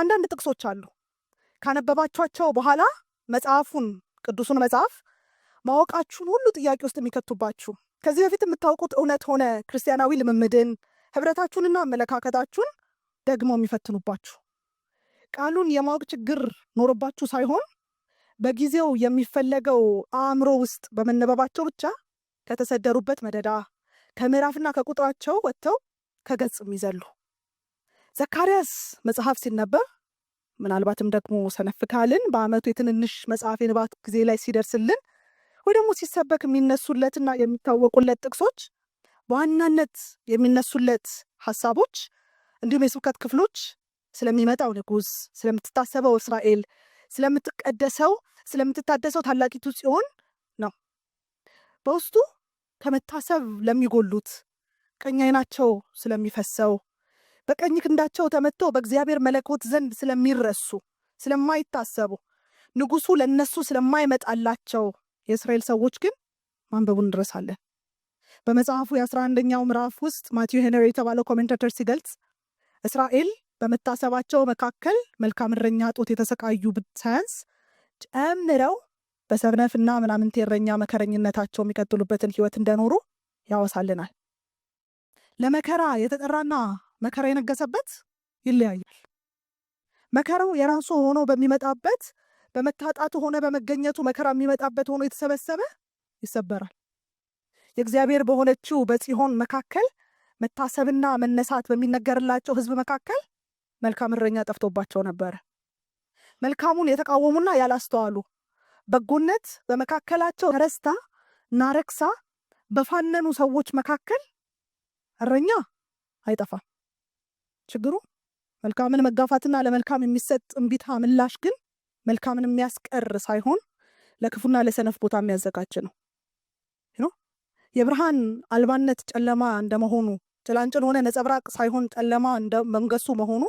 አንዳንድ ጥቅሶች አሉ። ካነበባችኋቸው በኋላ መጽሐፉን ቅዱሱን መጽሐፍ ማወቃችሁን ሁሉ ጥያቄ ውስጥ የሚከቱባችሁ ከዚህ በፊት የምታውቁት እውነት ሆነ ክርስቲያናዊ ልምምድን ህብረታችሁንና አመለካከታችሁን ደግሞ የሚፈትኑባችሁ ቃሉን የማወቅ ችግር ኖሮባችሁ ሳይሆን በጊዜው የሚፈለገው አእምሮ ውስጥ በመነበባቸው ብቻ ከተሰደሩበት መደዳ ከምዕራፍና ከቁጥራቸው ወጥተው ከገጽ የሚዘሉ ዘካርያስ መጽሐፍ ሲነበብ ምናልባትም ደግሞ ሰነፍካልን በአመቱ የትንንሽ መጽሐፍ የንባት ጊዜ ላይ ሲደርስልን ወይ ደግሞ ሲሰበክ የሚነሱለትና የሚታወቁለት ጥቅሶች በዋናነት የሚነሱለት ሀሳቦች እንዲሁም የስብከት ክፍሎች ስለሚመጣው ንጉስ ስለምትታሰበው እስራኤል፣ ስለምትቀደሰው ስለምትታደሰው ታላቂቱ ጽዮን ነው። በውስጡ ከመታሰብ ለሚጎሉት ቀኝ ስለሚፈሰው በቀኝ ክንዳቸው ተመተው በእግዚአብሔር መለኮት ዘንድ ስለሚረሱ ስለማይታሰቡ ንጉሱ ለነሱ ስለማይመጣላቸው የእስራኤል ሰዎች ግን ማንበቡ እንረሳለን። በመጽሐፉ የአስራ አንደኛው ምዕራፍ ውስጥ ማቲው ሄነሪ የተባለው ኮሜንታተር ሲገልጽ እስራኤል በመታሰባቸው መካከል መልካም እረኛ ጦት የተሰቃዩ ሳያንስ ጨምረው በሰብነፍና ምናምንት የረኛ መከረኝነታቸው የሚቀጥሉበትን ህይወት እንደኖሩ ያወሳልናል። ለመከራ የተጠራና መከራ የነገሰበት ይለያያል። መከራው የራሱ ሆኖ በሚመጣበት በመታጣቱ ሆነ በመገኘቱ መከራ የሚመጣበት ሆኖ የተሰበሰበ ይሰበራል። የእግዚአብሔር በሆነችው በጽዮን መካከል መታሰብና መነሳት በሚነገርላቸው ሕዝብ መካከል መልካም እረኛ ጠፍቶባቸው ነበረ። መልካሙን የተቃወሙና ያላስተዋሉ በጎነት በመካከላቸው ተረስታ ናረክሳ በፋነኑ ሰዎች መካከል እረኛ አይጠፋም። ችግሩ መልካምን መጋፋትና ለመልካም የሚሰጥ እምቢታ ምላሽ ግን መልካምን የሚያስቀር ሳይሆን ለክፉና ለሰነፍ ቦታ የሚያዘጋጅ ነው። የብርሃን አልባነት ጨለማ እንደመሆኑ ጭላንጭል ሆነ ነጸብራቅ ሳይሆን ጨለማ መንገሱ መሆኑ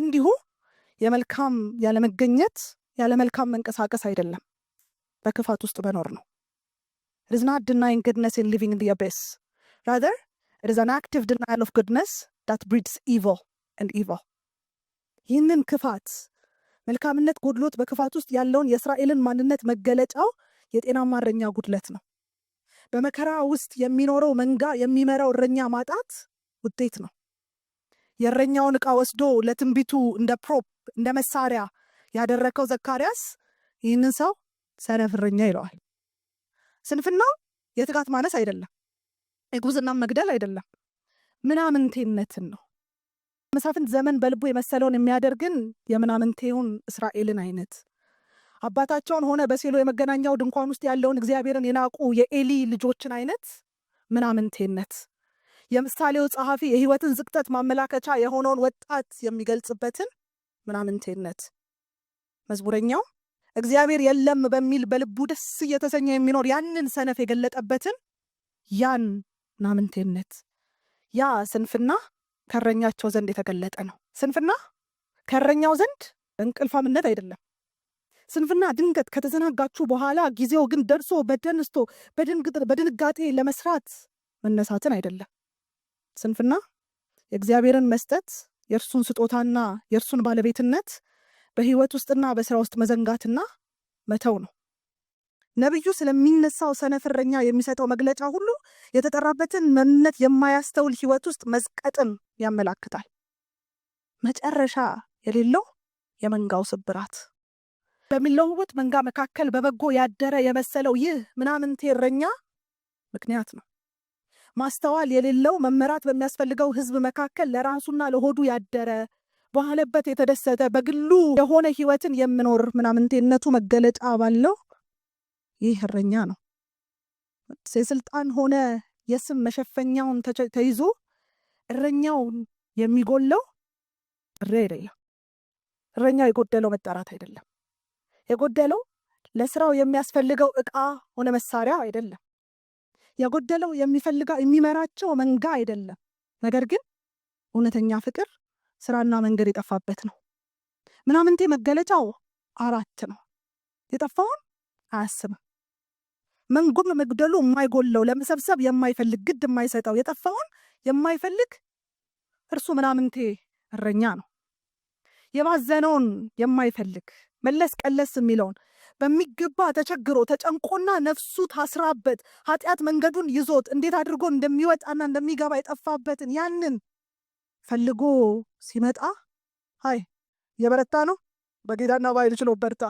እንዲሁ የመልካም ያለመገኘት ያለመልካም መንቀሳቀስ አይደለም፣ በክፋት ውስጥ መኖር ነው። ኢት ኢዝ ናት ዲናይንግ ጉድነስ ኢን ሊቪንግ ኢን ዘ አቤስ ራዘር ኢት ኢዝ አን አክቲቭ ዲናይል ኦፍ ጉድነስ ዳት ብሪድስ ኢቪል ኤንድ ኢቪል ይህንን ክፋት መልካምነት ጎድሎት በክፋት ውስጥ ያለውን የእስራኤልን ማንነት መገለጫው የጤናማ እረኛ ጉድለት ነው። በመከራ ውስጥ የሚኖረው መንጋ የሚመራው እረኛ ማጣት ውጤት ነው። የእረኛውን እቃ ወስዶ ለትንቢቱ እንደ ፕሮፕ እንደ መሳሪያ ያደረከው ዘካርያስ ይህንን ሰው ሰነፍ እረኛ ይለዋል። ስንፍናው የትጋት ማነስ አይደለም፣ የጉዝና መግደል አይደለም። ምናምንቴነትን ነው። መሳፍንት ዘመን በልቡ የመሰለውን የሚያደርግን የምናምንቴውን እስራኤልን አይነት አባታቸውን ሆነ በሴሎ የመገናኛው ድንኳን ውስጥ ያለውን እግዚአብሔርን የናቁ የኤሊ ልጆችን አይነት ምናምንቴነት የምሳሌው ጸሐፊ የህይወትን ዝቅጠት ማመላከቻ የሆነውን ወጣት የሚገልጽበትን ምናምንቴነት መዝሙረኛው እግዚአብሔር የለም በሚል በልቡ ደስ እየተሰኘ የሚኖር ያንን ሰነፍ የገለጠበትን ያን ምናምንቴነት ያ ስንፍና ከእረኛቸው ዘንድ የተገለጠ ነው። ስንፍና ከእረኛው ዘንድ እንቅልፋምነት አይደለም። ስንፍና ድንገት ከተዘናጋችሁ በኋላ ጊዜው ግን ደርሶ በደንስቶ በድንጋጤ ለመስራት መነሳትን አይደለም። ስንፍና የእግዚአብሔርን መስጠት የእርሱን ስጦታና የእርሱን ባለቤትነት በህይወት ውስጥና በስራ ውስጥ መዘንጋትና መተው ነው። ነቢዩ ስለሚነሳው ሰነፍረኛ የሚሰጠው መግለጫ ሁሉ የተጠራበትን መንነት የማያስተውል ህይወት ውስጥ መዝቀጥን ያመላክታል። መጨረሻ የሌለው የመንጋው ስብራት በሚለዋወጥ መንጋ መካከል በበጎ ያደረ የመሰለው ይህ ምናምንቴ እረኛ ምክንያት ነው። ማስተዋል የሌለው መመራት በሚያስፈልገው ህዝብ መካከል ለራሱና ለሆዱ ያደረ በኋለበት የተደሰተ በግሉ የሆነ ህይወትን የሚኖር ምናምንቴነቱ መገለጫ ባለው ይህ እረኛ ነው። የስልጣን ሆነ የስም መሸፈኛውን ተይዞ እረኛውን የሚጎለው እሬ አይደለም። እረኛው የጎደለው መጠራት አይደለም። የጎደለው ለስራው የሚያስፈልገው እቃ ሆነ መሳሪያ አይደለም። የጎደለው የሚፈልጋ የሚመራቸው መንጋ አይደለም። ነገር ግን እውነተኛ ፍቅር ስራና መንገድ የጠፋበት ነው። ምናምንቴ መገለጫው አራት ነው። የጠፋውን አያስብም። መንጎም መግደሉ የማይጎለው ለመሰብሰብ የማይፈልግ ግድ የማይሰጠው የጠፋውን የማይፈልግ እርሱ ምናምንቴ እረኛ ነው። የባዘነውን የማይፈልግ መለስ ቀለስ የሚለውን በሚገባ ተቸግሮ ተጨንቆና ነፍሱ ታስራበት ኃጢአት መንገዱን ይዞት እንዴት አድርጎ እንደሚወጣና እንደሚገባ የጠፋበትን ያንን ፈልጎ ሲመጣ አይ የበረታ ነው በጌዳና ባይል ችሎ በርታ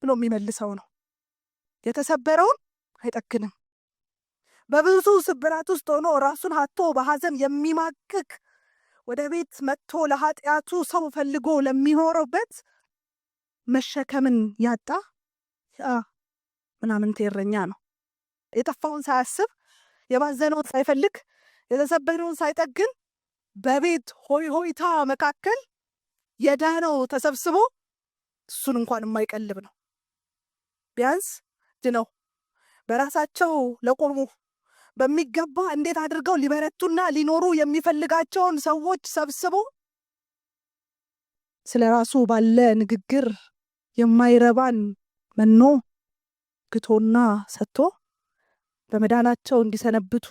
ብሎ የሚመልሰው ነው። የተሰበረውን አይጠግንም። በብዙ ስብራት ውስጥ ሆኖ ራሱን አቶ በሐዘን የሚማቅቅ ወደ ቤት መጥቶ ለኃጢአቱ ሰው ፈልጎ ለሚኖረበት መሸከምን ያጣ ምናምን ቴረኛ ነው። የጠፋውን ሳያስብ የባዘነውን ሳይፈልግ የተሰበረውን ሳይጠግን በቤት ሆይ ሆይታ መካከል የዳነው ተሰብስቦ እሱን እንኳን የማይቀልብ ነው። ቢያንስ ድነው በራሳቸው ለቆሙ በሚገባ እንዴት አድርገው ሊበረቱና ሊኖሩ የሚፈልጋቸውን ሰዎች ሰብስቦ ስለ ራሱ ባለ ንግግር የማይረባን መኖ ግቶና ሰጥቶ በመዳናቸው እንዲሰነብቱ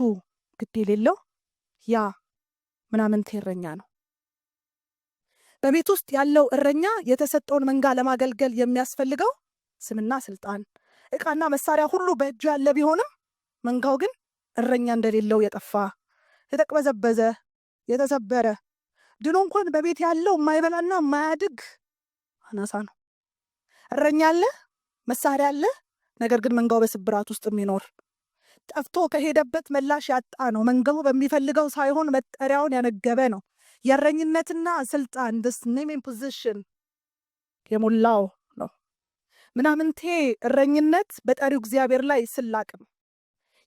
ግድ የሌለው ያ ምናምንቴ እረኛ ነው። በቤት ውስጥ ያለው እረኛ የተሰጠውን መንጋ ለማገልገል የሚያስፈልገው ስምና ስልጣን እቃና መሳሪያ ሁሉ በእጁ ያለ ቢሆንም መንጋው ግን እረኛ እንደሌለው የጠፋ የተቅበዘበዘ የተሰበረ ድኖ እንኳን በቤት ያለው የማይበላና የማያድግ አናሳ ነው። እረኛ አለ፣ መሳሪያ አለ፣ ነገር ግን መንጋው በስብራት ውስጥ የሚኖር ጠፍቶ ከሄደበት ምላሽ ያጣ ነው። መንጋው በሚፈልገው ሳይሆን መጠሪያውን ያነገበ ነው። የእረኝነትና ስልጣን ስኔሜን ፖዚሽን የሞላው ምናምንቴ እረኝነት በጠሪው እግዚአብሔር ላይ ስላቅ ነው።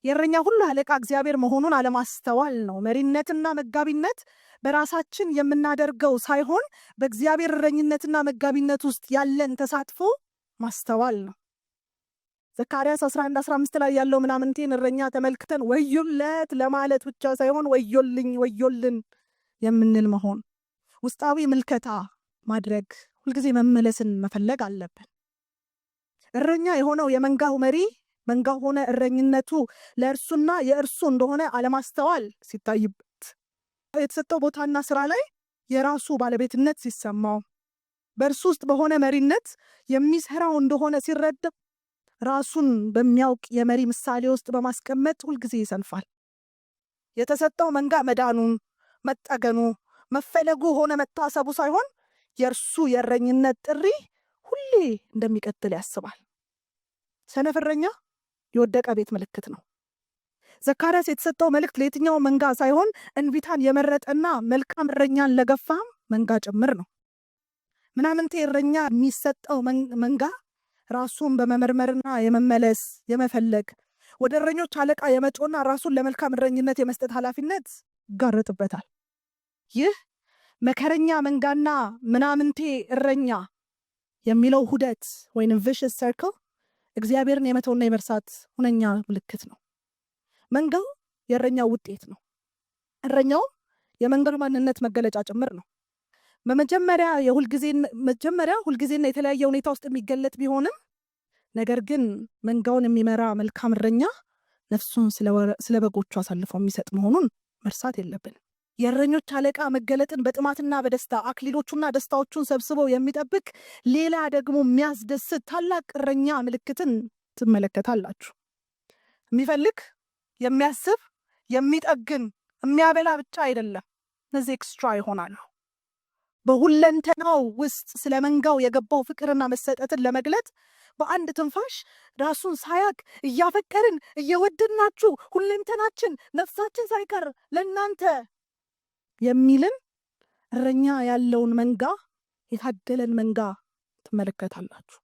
የእረኛ ሁሉ አለቃ እግዚአብሔር መሆኑን አለማስተዋል ነው። መሪነትና መጋቢነት በራሳችን የምናደርገው ሳይሆን በእግዚአብሔር እረኝነትና መጋቢነት ውስጥ ያለን ተሳትፎ ማስተዋል ነው። ዘካርያስ 11 15 ላይ ያለው ምናምንቴን እረኛ ተመልክተን ወዮለት ለማለት ብቻ ሳይሆን ወዮልኝ ወዮልን የምንል መሆን ውስጣዊ ምልከታ ማድረግ ሁልጊዜ መመለስን መፈለግ አለብን። እረኛ የሆነው የመንጋው መሪ መንጋው ሆነ እረኝነቱ ለእርሱና የእርሱ እንደሆነ አለማስተዋል ሲታይበት የተሰጠው ቦታና ስራ ላይ የራሱ ባለቤትነት ሲሰማው በእርሱ ውስጥ በሆነ መሪነት የሚሰራው እንደሆነ ሲረዳ ራሱን በሚያውቅ የመሪ ምሳሌ ውስጥ በማስቀመጥ ሁልጊዜ ይሰንፋል። የተሰጠው መንጋ መዳኑን፣ መጠገኑ፣ መፈለጉ ሆነ መታሰቡ ሳይሆን የእርሱ የእረኝነት ጥሪ ሁሌ እንደሚቀጥል ያስባል። ሰነፍ የወደቀ ቤት ምልክት ነው። ዘካርያስ የተሰጠው መልእክት ለየትኛው መንጋ ሳይሆን እንቢታን የመረጠና መልካም እረኛን ለገፋም መንጋ ጭምር ነው። ምናምንቴ እረኛ የሚሰጠው መንጋ ራሱን በመመርመርና የመመለስ የመፈለግ ወደ እረኞች አለቃ የመጮና ራሱን ለመልካም እረኝነት የመስጠት ኃላፊነት ይጋረጥበታል። ይህ መከረኛ መንጋና ምናምንቴ እረኛ የሚለው ሁደት ወይም ቪሽስ ሰርክል እግዚአብሔርን የመተውና የመርሳት ሁነኛ ምልክት ነው። መንጋው የእረኛው ውጤት ነው። እረኛውም የመንገዱ ማንነት መገለጫ ጭምር ነው። በመጀመሪያ የሁልጊዜ መጀመሪያ ሁልጊዜና የተለያየ ሁኔታ ውስጥ የሚገለጥ ቢሆንም ነገር ግን መንጋውን የሚመራ መልካም እረኛ ነፍሱን ስለ በጎቹ አሳልፎ የሚሰጥ መሆኑን መርሳት የለብን የእረኞች አለቃ መገለጥን በጥማትና በደስታ አክሊሎቹና ደስታዎቹን ሰብስበው የሚጠብቅ ሌላ ደግሞ የሚያስደስት ታላቅ እረኛ ምልክትን ትመለከታላችሁ። የሚፈልግ የሚያስብ የሚጠግን የሚያበላ ብቻ አይደለም። እነዚህ ኤክስትራ ይሆናሉ። በሁለንተናው ውስጥ ስለ መንጋው የገባው ፍቅርና መሰጠትን ለመግለጥ በአንድ ትንፋሽ ራሱን ሳያቅ እያፈቀርን እየወደድናችሁ ሁለንተናችን ነፍሳችን ሳይቀር ለእናንተ የሚልን እረኛ ያለውን መንጋ የታደለን መንጋ ትመለከታላችሁ።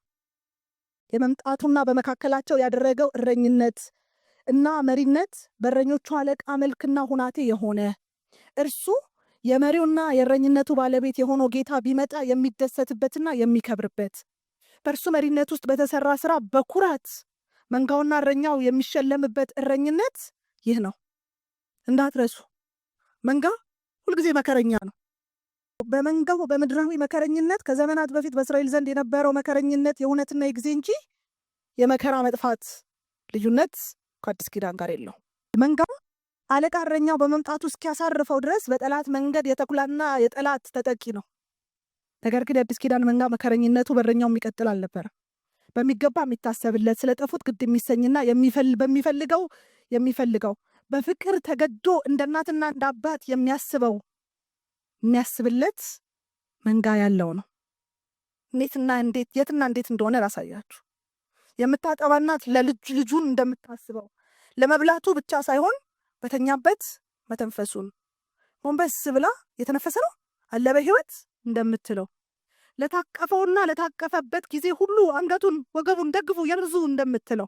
የመምጣቱና በመካከላቸው ያደረገው እረኝነት እና መሪነት በእረኞቹ አለቃ መልክና ሁናቴ የሆነ እርሱ የመሪውና የእረኝነቱ ባለቤት የሆነው ጌታ ቢመጣ የሚደሰትበትና የሚከብርበት በእርሱ መሪነት ውስጥ በተሰራ ስራ በኩራት መንጋውና እረኛው የሚሸለምበት እረኝነት ይህ ነው። እንዳትረሱ መንጋ ሁልጊዜ መከረኛ ነው። በመንጋው በምድራዊ መከረኝነት ከዘመናት በፊት በእስራኤል ዘንድ የነበረው መከረኝነት የእውነትና የጊዜ እንጂ የመከራ መጥፋት ልዩነት ከአዲስ ኪዳን ጋር የለው። መንጋው አለቃ እረኛው በመምጣቱ እስኪያሳርፈው ድረስ በጠላት መንገድ የተኩላና የጠላት ተጠቂ ነው። ነገር ግን የአዲስ ኪዳን መንጋ መከረኝነቱ በእረኛው የሚቀጥል አልነበረም። በሚገባ የሚታሰብለት ስለጠፉት ግድ የሚሰኝና በሚፈልገው የሚፈልገው በፍቅር ተገዶ እንደ እናትና እንደ አባት የሚያስበው የሚያስብለት መንጋ ያለው ነው። እንዴትና እንዴት የትና እንዴት እንደሆነ ላሳያችሁ። የምታጠባ እናት ለልጅ ልጁን እንደምታስበው ለመብላቱ ብቻ ሳይሆን በተኛበት መተንፈሱን ጎንበስ ብላ የተነፈሰ ነው አለበ ህይወት እንደምትለው ለታቀፈውና ለታቀፈበት ጊዜ ሁሉ አንገቱን ወገቡን ደግፉ የርዙ እንደምትለው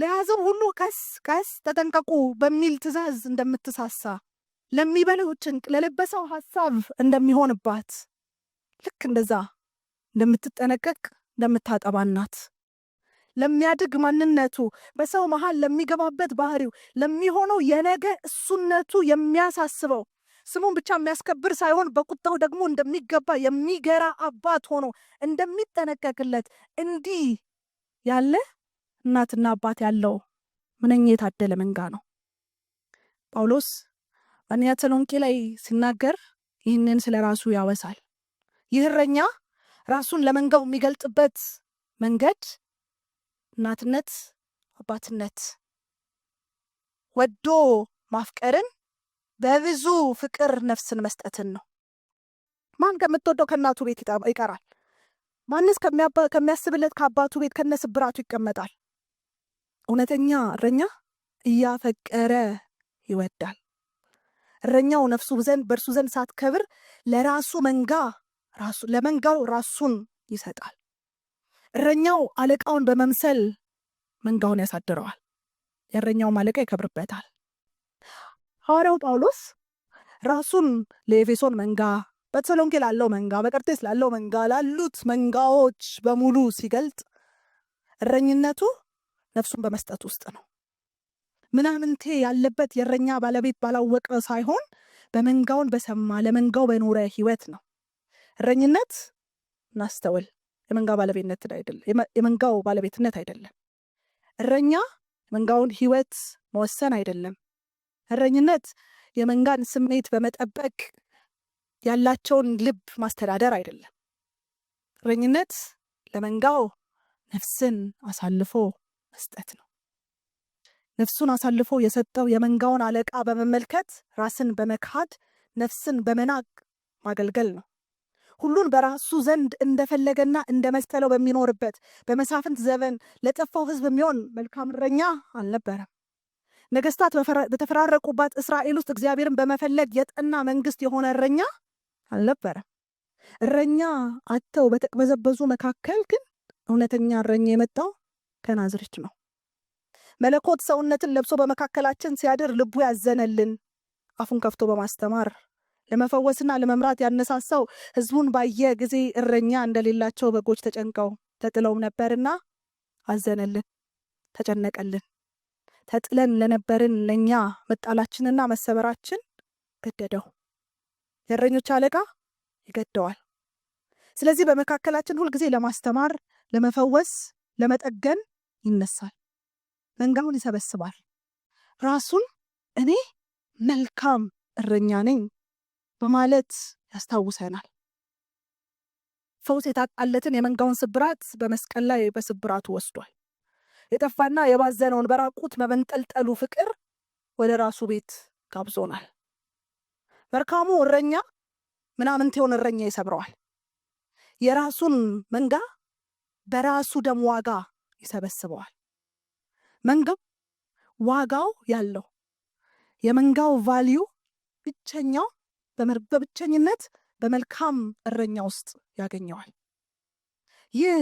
ለያዘው ሁሉ ቀስ ቀስ ተጠንቀቁ በሚል ትእዛዝ እንደምትሳሳ ለሚበለው ጭንቅ ለለበሰው ሀሳብ እንደሚሆንባት ልክ እንደዛ እንደምትጠነቀቅ እንደምታጠባናት ለሚያድግ ማንነቱ በሰው መሃል ለሚገባበት ባህሪው ለሚሆነው የነገ እሱነቱ የሚያሳስበው ስሙን ብቻ የሚያስከብር ሳይሆን በቁጣው ደግሞ እንደሚገባ የሚገራ አባት ሆኖ እንደሚጠነቀቅለት እንዲህ ያለ እናትና አባት ያለው ምንኛ የታደለ መንጋ ነው። ጳውሎስ በአንደኛ ተሰሎንቄ ላይ ሲናገር ይህንን ስለ ራሱ ያወሳል። ይህ እረኛ ራሱን ለመንጋው የሚገልጥበት መንገድ እናትነት፣ አባትነት፣ ወዶ ማፍቀርን፣ በብዙ ፍቅር ነፍስን መስጠትን ነው። ማን ከምትወደው ከእናቱ ቤት ይቀራል? ማንስ ከሚያስብለት ከአባቱ ቤት ከነስብራቱ ይቀመጣል? እውነተኛ እረኛ እያፈቀረ ይወዳል። እረኛው ነፍሱ ዘንድ በእርሱ ዘንድ ሳትከብር ለራሱ መንጋ ለመንጋው ራሱን ይሰጣል። እረኛው አለቃውን በመምሰል መንጋውን ያሳድረዋል። የእረኛውም አለቃ ይከብርበታል። ሐዋርያው ጳውሎስ ራሱን ለኤፌሶን መንጋ፣ በተሰሎንኬ ላለው መንጋ፣ በቀርቴስ ላለው መንጋ፣ ላሉት መንጋዎች በሙሉ ሲገልጥ እረኝነቱ ነፍሱን በመስጠት ውስጥ ነው። ምናምንቴ ያለበት የእረኛ ባለቤት ባላወቀ ሳይሆን በመንጋውን በሰማ ለመንጋው በኖረ ህይወት ነው። እረኝነት እናስተውል፣ የመንጋ ባለቤትነት አይደለም። የመንጋው ባለቤትነት አይደለም። እረኛ የመንጋውን ህይወት መወሰን አይደለም። እረኝነት የመንጋን ስሜት በመጠበቅ ያላቸውን ልብ ማስተዳደር አይደለም። እረኝነት ለመንጋው ነፍስን አሳልፎ መስጠት ነው። ነፍሱን አሳልፎ የሰጠው የመንጋውን አለቃ በመመልከት ራስን በመካድ ነፍስን በመናቅ ማገልገል ነው። ሁሉን በራሱ ዘንድ እንደፈለገና እንደመሰለው በሚኖርበት በመሳፍንት ዘመን ለጠፋው ሕዝብ የሚሆን መልካም እረኛ አልነበረም። ነገስታት በተፈራረቁባት እስራኤል ውስጥ እግዚአብሔርን በመፈለግ የጠና መንግስት የሆነ እረኛ አልነበረም። እረኛ አጥተው በተቅበዘበዙ መካከል ግን እውነተኛ እረኛ የመጣው ከናዝሬት ነው። መለኮት ሰውነትን ለብሶ በመካከላችን ሲያድር ልቡ ያዘነልን አፉን ከፍቶ በማስተማር ለመፈወስና ለመምራት ያነሳሳው ህዝቡን ባየ ጊዜ እረኛ እንደሌላቸው በጎች ተጨንቀው ተጥለውም ነበርና አዘነልን፣ ተጨነቀልን። ተጥለን ለነበርን ለእኛ መጣላችንና መሰበራችን ገደደው። የእረኞች አለቃ ይገደዋል። ስለዚህ በመካከላችን ሁልጊዜ ለማስተማር፣ ለመፈወስ፣ ለመጠገን ይነሳል፣ መንጋውን ይሰበስባል። ራሱን እኔ መልካም እረኛ ነኝ በማለት ያስታውሰናል። ፈውስ የታጣለትን የመንጋውን ስብራት በመስቀል ላይ በስብራቱ ወስዷል። የጠፋና የባዘነውን በራቁት በመንጠልጠሉ ፍቅር ወደ ራሱ ቤት ጋብዞናል። መልካሙ እረኛ ምናምንቴውን እረኛ ይሰብረዋል። የራሱን መንጋ በራሱ ደም ዋጋ ይሰበስበዋል። መንጋው ዋጋው ያለው የመንጋው ቫልዩ ብቸኛው በብቸኝነት በመልካም እረኛ ውስጥ ያገኘዋል። ይህ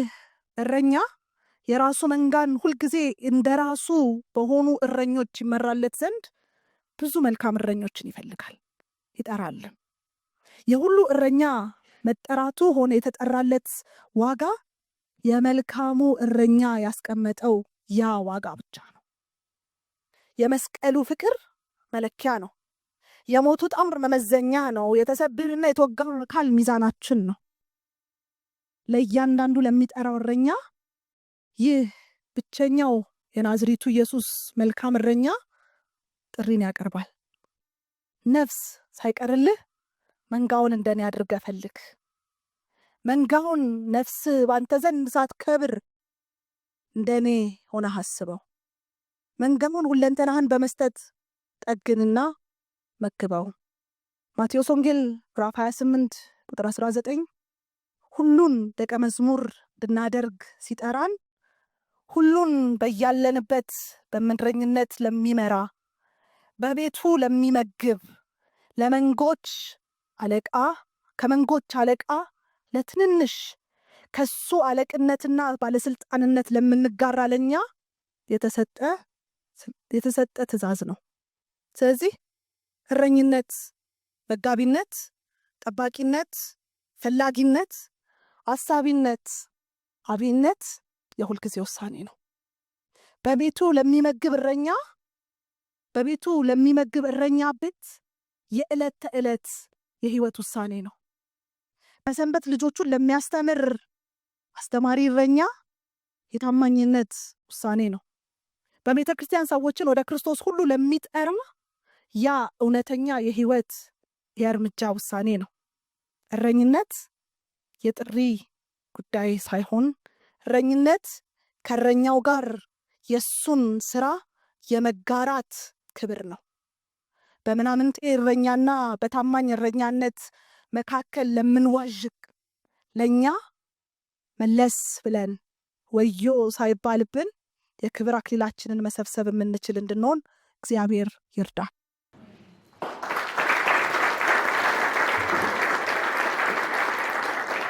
እረኛ የራሱ መንጋን ሁልጊዜ እንደ ራሱ በሆኑ እረኞች ይመራለት ዘንድ ብዙ መልካም እረኞችን ይፈልጋል ይጠራልም። የሁሉ እረኛ መጠራቱ ሆነ የተጠራለት ዋጋ የመልካሙ እረኛ ያስቀመጠው ያ ዋጋ ብቻ ነው። የመስቀሉ ፍቅር መለኪያ ነው። የሞቱ ጣምር መመዘኛ ነው። የተሰብህና የተወጋው አካል ሚዛናችን ነው። ለእያንዳንዱ ለሚጠራው እረኛ ይህ ብቸኛው የናዝሪቱ ኢየሱስ መልካም እረኛ ጥሪን ያቀርባል። ነፍስ ሳይቀርልህ መንጋውን እንደኔ አድርገ ፈልግ። መንጋውን ነፍስ ባንተ ዘንድ ሳትከብር እንደ እኔ ሆነህ አስበው። መንጋውን ሁለንተናህን በመስጠት ጠግንና መክበው። ማቴዎስ ወንጌል ምዕራፍ 28 ቁጥር 19 ሁሉን ደቀ መዝሙር እንድናደርግ ሲጠራን ሁሉን በያለንበት በምድረኝነት ለሚመራ በቤቱ ለሚመግብ ለመንጎች አለቃ ከመንጎች አለቃ ለትንንሽ ከሱ አለቅነትና ባለስልጣንነት ለምንጋራ ለኛ የተሰጠ ትእዛዝ ነው። ስለዚህ እረኝነት፣ መጋቢነት፣ ጠባቂነት፣ ፈላጊነት፣ አሳቢነት፣ አብይነት የሁልጊዜ ውሳኔ ነው። በቤቱ ለሚመግብ እረኛ በቤቱ ለሚመግብ እረኛ ቤት የዕለት ተዕለት የህይወት ውሳኔ ነው። በሰንበት ልጆቹን ለሚያስተምር አስተማሪ እረኛ የታማኝነት ውሳኔ ነው። በቤተ ክርስቲያን ሰዎችን ወደ ክርስቶስ ሁሉ ለሚጠርም ያ እውነተኛ የህይወት የእርምጃ ውሳኔ ነው። እረኝነት የጥሪ ጉዳይ ሳይሆን እረኝነት ከእረኛው ጋር የእሱን ስራ የመጋራት ክብር ነው። በምናምንቴ እረኛና በታማኝ እረኛነት መካከል ለምንዋዥቅ ለእኛ መለስ ብለን ወዮ ሳይባልብን የክብር አክሊላችንን መሰብሰብ የምንችል እንድንሆን እግዚአብሔር ይርዳል።